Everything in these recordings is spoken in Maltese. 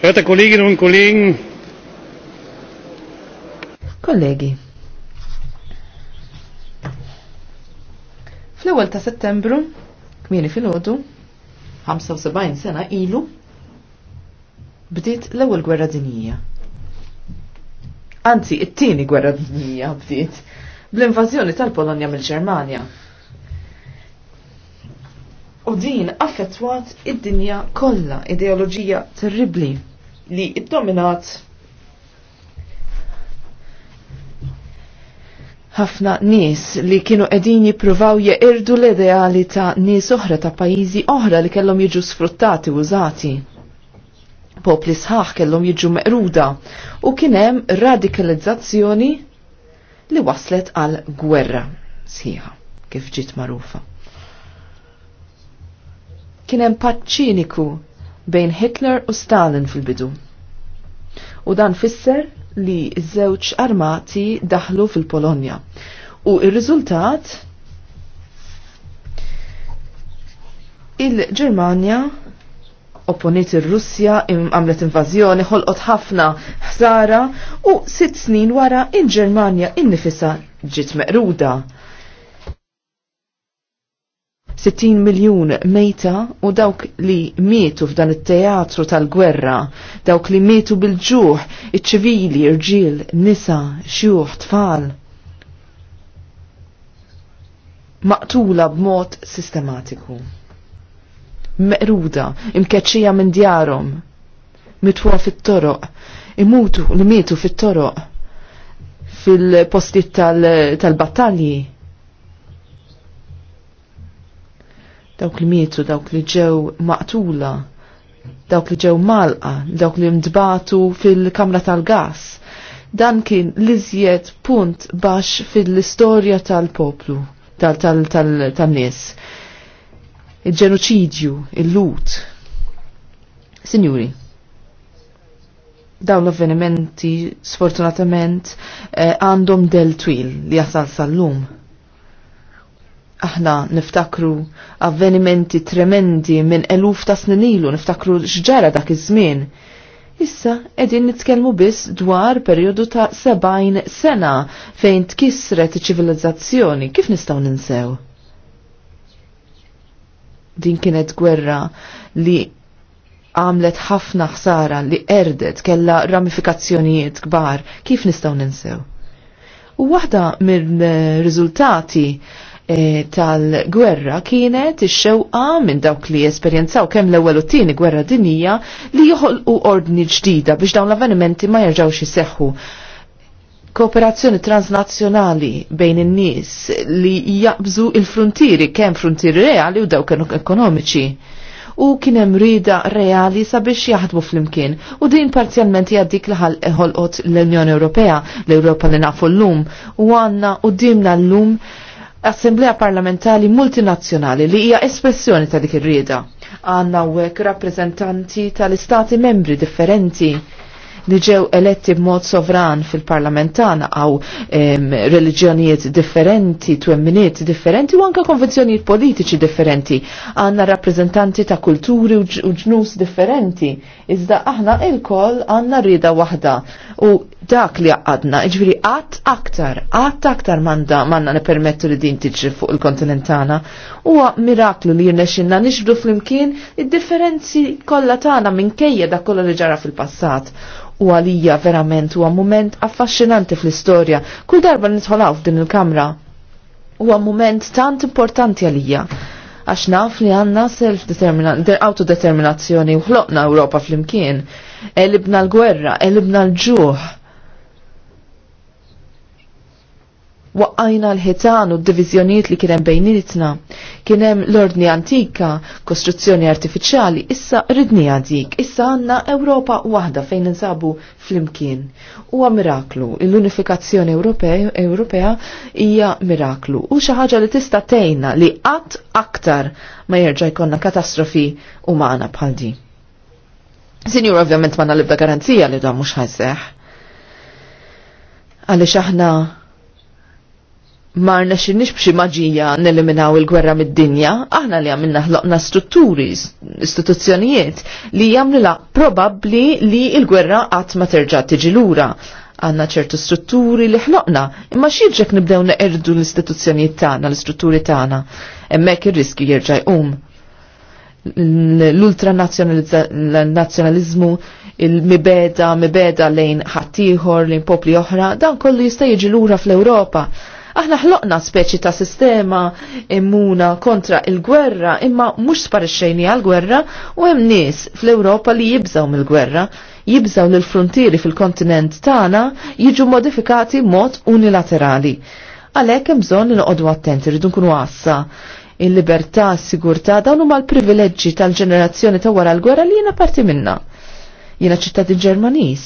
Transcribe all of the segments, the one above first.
Werte Kolleginnen und Kollegen. Kollegi. Fl-ewwel ta' Settembru, kmieni fil-ħodu, 75 sena ilu, bdiet l-ewwel gwerra dinjija. Anzi, it-tieni gwerra dinjija bdiet bl-invażjoni tal-Polonja mill-Ġermanja. U din affettwat id-dinja kollha ideoloġija terribli li id-dominat ħafna nies li kienu qegħdin jippruvaw jeqirdu l-ideali ta' nies oħra ta' pajjiżi oħra li kellhom jiġu sfruttati użati. Popli sħaħ kellhom jiġu meqruda u kien hemm radikalizzazzjoni li waslet għal gwerra sħiħa kif ġiet magħrufa. Kien hemm paċċiniku bejn Hitler u Stalin fil-bidu. U dan fisser li żewġ armati daħlu fil-Polonja. U ir-riżultat il germania ġermanja opponiet ir-Russja għamlet invażjoni ħolqot ħafna ħsara u sitt snin wara il-Ġermanja innifisa ġiet meqruda. 60 miljun mejta u dawk li mietu f'dan it-teatru tal-gwerra, dawk li mietu bil-ġuħ, iċ-ċivili, irġiel, nisa, xjuħ, tfal. Maqtula b'mod sistematiku. Meqruda, imkeċija minn djarhom, mitwa fit-toroq, imutu li mietu fit-toroq, fil-postiet tal-battalji. Tal dawk li mietu, dawk li ġew maqtula, dawk li ġew malqa, dawk li mdbatu fil-kamra tal-gas. Dan kien liżjed punt bax fil-istorja tal-poplu, tal-nies. -tal -tal Il-ġenoċidju, il-lut. Signori, dawn l-avvenimenti sfortunatament eh, għandhom del twil li jasal sal-lum aħna niftakru avvenimenti tremendi minn eluf ta' snin ilu niftakru xġara dak iż-żmien. Issa edin nitkellmu biss dwar perjodu ta' 70 sena fejn tkissret ċivilizzazzjoni, kif nistgħu ninsew? Din kienet gwerra li għamlet ħafna ħsara li erdet kella ramifikazzjonijiet kbar, kif nistgħu ninsew? U waħda mill-riżultati Eh, tal-gwerra kienet ix-xewqa minn dawk li esperjenzaw kemm l-ewwel u tieni gwerra dinija li joħolqu ordni ġdida biex dawn l-avvenimenti ma jerġgħux iseħħu. Kooperazzjoni transnazzjonali bejn in-nies li jaqbżu il fruntiri kemm fruntiri reali u dawk ekonomiċi u kien hemm rida reali sabiex jaħdmu flimkien u din parzjalment hija dik li ħolqot l-Unjoni Ewropea, l-Ewropa li nafu llum u għandna u dimna llum assemblea parlamentari multinazzjonali li hija espressjoni ta' dik ir-rieda. Għandna hekk rappreżentanti tal-istati membri differenti li ġew eletti b'mod sovran fil-parlamentana għaw reliġjonijiet differenti, twemminiet differenti u anka konvenzjonijiet politiċi differenti. Għanna rappreżentanti ta' kulturi u ġnus differenti. Iżda aħna il għandna għanna rida waħda u dak li għadna, ġviri għat aktar, għat aktar manda manna nipermettu li din tiġri fuq il-kontinent tagħna. Huwa miraklu li jirnexxinna nixbdu flimkien id-differenzi kollha tagħna minkejja da kollha li ġara fil-passat u għalija verament huwa moment affaxxinanti fl-istorja. Kull darba nitħolaw f'din il-kamra. Huwa moment tant importanti għalija għax naf li għanna self-autodeterminazzjoni u ħloqna Ewropa fl-imkien. Elibna l-gwerra, elibna l-ġuħ, waqqajna l-ħitan u d-divizjoniet li kienem bejnietna. Kienem l-ordni antika, kostruzzjoni artificiali, issa ridni għadik, issa għanna Ewropa wahda fejn nsabu fl-imkien. Huwa miraklu, l-unifikazzjoni Ewropea hija miraklu u xi ħaġa li tista' tejna li qatt aktar ma jerġa' jkollna katastrofi u bħal bħaldi. Sinjur ovvjament ma libda garanzija li da mhux ħajseħ. Għaliex aħna marna xinnix bxi maġija neliminaw il-gwerra mid-dinja, aħna li għamilna ħloqna strutturi, istituzzjonijiet li jamlila probabli li il-gwerra għat ma terġa tiġi lura. Għanna ċertu strutturi li ħloqna, imma xieġek nibdew neqerdu l-istituzzjonijiet tagħna, l-istrutturi tagħna, hemmhekk ir-riski jerġa' jqum. l ultranazjonalizmu il-mibeda, mibeda lejn ħaddieħor, lejn popli oħra, dan kollu jista' jiġi lura fl-Ewropa Aħna ħloqna speċi ta' sistema immuna kontra il-gwerra imma mhux sparixxejni għal-gwerra u hemm nies fl-Ewropa li jibżaw mill-gwerra jibżaw lil frontieri fil-kontinent tagħna jiġu modifikati mod unilaterali. Għalhekk hemm bżonn inqogħdu attenti rridu nkunu għassa il-libertà, s-sigurtà dawn huma l-privileġġi tal-ġenerazzjoni ta' wara l-gwerra li jiena parti minna. Jiena ċittadin Ġermaniż.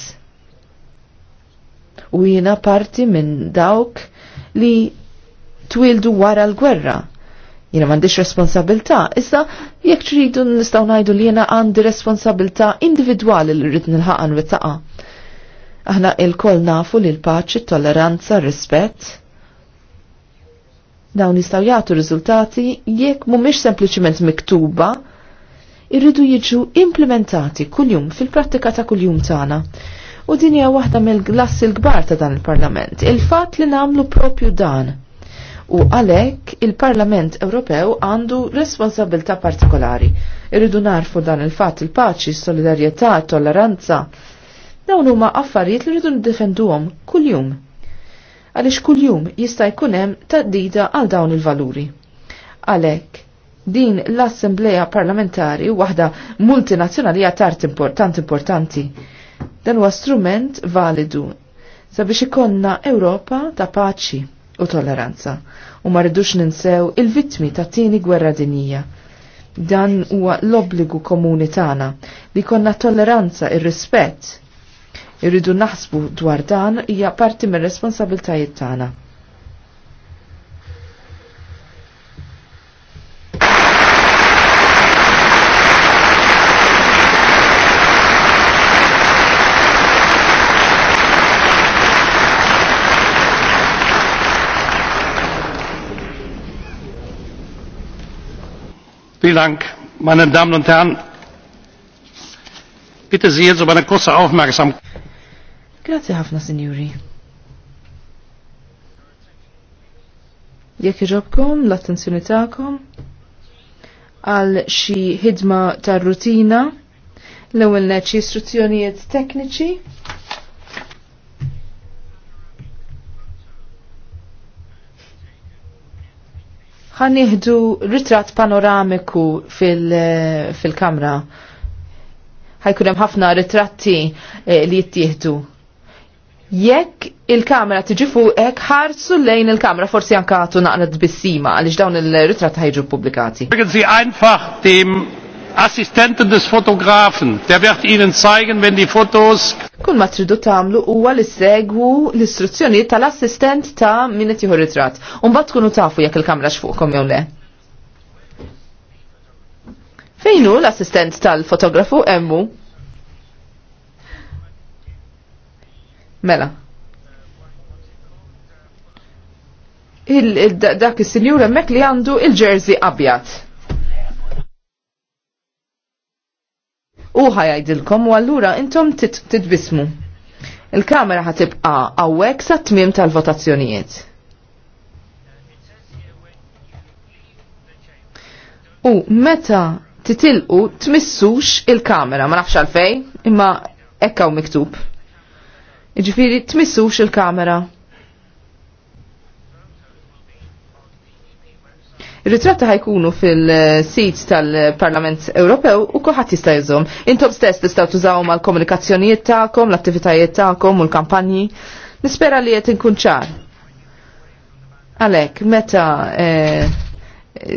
U jiena parti minn dawk li twildu wara l-gwerra. Jena mandiċ responsabilta, issa jekk tridu nistaw najdu li jena għandi responsabilta individuali li rrit nilħaqan witaqa. Aħna il-koll nafu li l-paċi, tolleranza, rispett. Dawn jistaw jagħtu riżultati jekk mhumiex sempliciment miktuba, irridu jiġu implementati kuljum fil-prattika ta' kuljum tagħna u din hija waħda mill-glass il-kbar ta' dan il-Parlament. Il-fatt li nagħmlu propju dan. U għalhekk il-Parlament Ewropew għandu responsabilità partikolari. Irridu narfu dan il-fatt il-paċi, solidarjetà, tolleranza. Dawn huma affarijiet li rridu niddefenduhom kuljum. Għaliex kuljum jista' jkun hemm taddida għal dawn il-valuri. Għalhekk din l-Assembleja Parlamentari waħda multinazzjonali għatart important importanti. Dan huwa strument validu sabiex ikonna Ewropa ta' paċi u tolleranza u ma rridux ninsew il-vittmi ta' tieni gwerra dinija. Dan huwa l-obbligu komuni tagħna li konna tolleranza ir-rispett. Irridu naħsbu dwar dan hija parti mir-responsabiltajiet tagħna. Vielen Dank, meine Damen und Herren. Bitte Sie jetzt um eine kurze Aufmerksamkeit. Grazie ħafna, Signori. Jekk iġobkom l-attenzjoni tagħkom għal xi ħidma tar-rutina l-ewwel neċi istruzzjonijiet tekniċi ħaniħdu ritratt panoramiku fil-kamra. Fil ħajkun hemm ħafna ritratti eh, li jittieħdu. Jekk il-kamera tiġi fuqek ħarsu lejn il-kamera forsi anka għatu naqra tbissima għaliex dawn il ritratt ħajġu pubblikati. Assistenten des Fotografen, der wird Ihnen zeigen, wenn die Fotos. Kull ma tridu tagħmlu huwa li segwu l istruzzjoni tal-assistent ta' minnet qed ritrat. ritratt. Imbagħad tkunu tafu jekk il-kamra x'fuqkom jew le. Fejnu l-assistent tal-fotografu emmu? Mela. Il, il, dak is-sinjur hemmhekk li għandu il-ġerzi abjad. u ħajajdilkom u allura intom titbismu. Il-kamera ħatibqa għawek sa tmim tal-votazzjonijiet. U meta titilqu tmissux il-kamera, ma nafx għalfej, imma ekkaw miktub. Iġifiri tmissux il-kamera. Ir-ritratti ħajkunu fil-sit tal-Parlament Ewropew u kuħat jista' jżomm. Intom stess tistgħu tużawhom għall komunikazzjonijiet tagħkom, l-attivitajiet tagħkom u l-kampanji. Nispera li qed inkun ċar. Għalhekk, meta eh,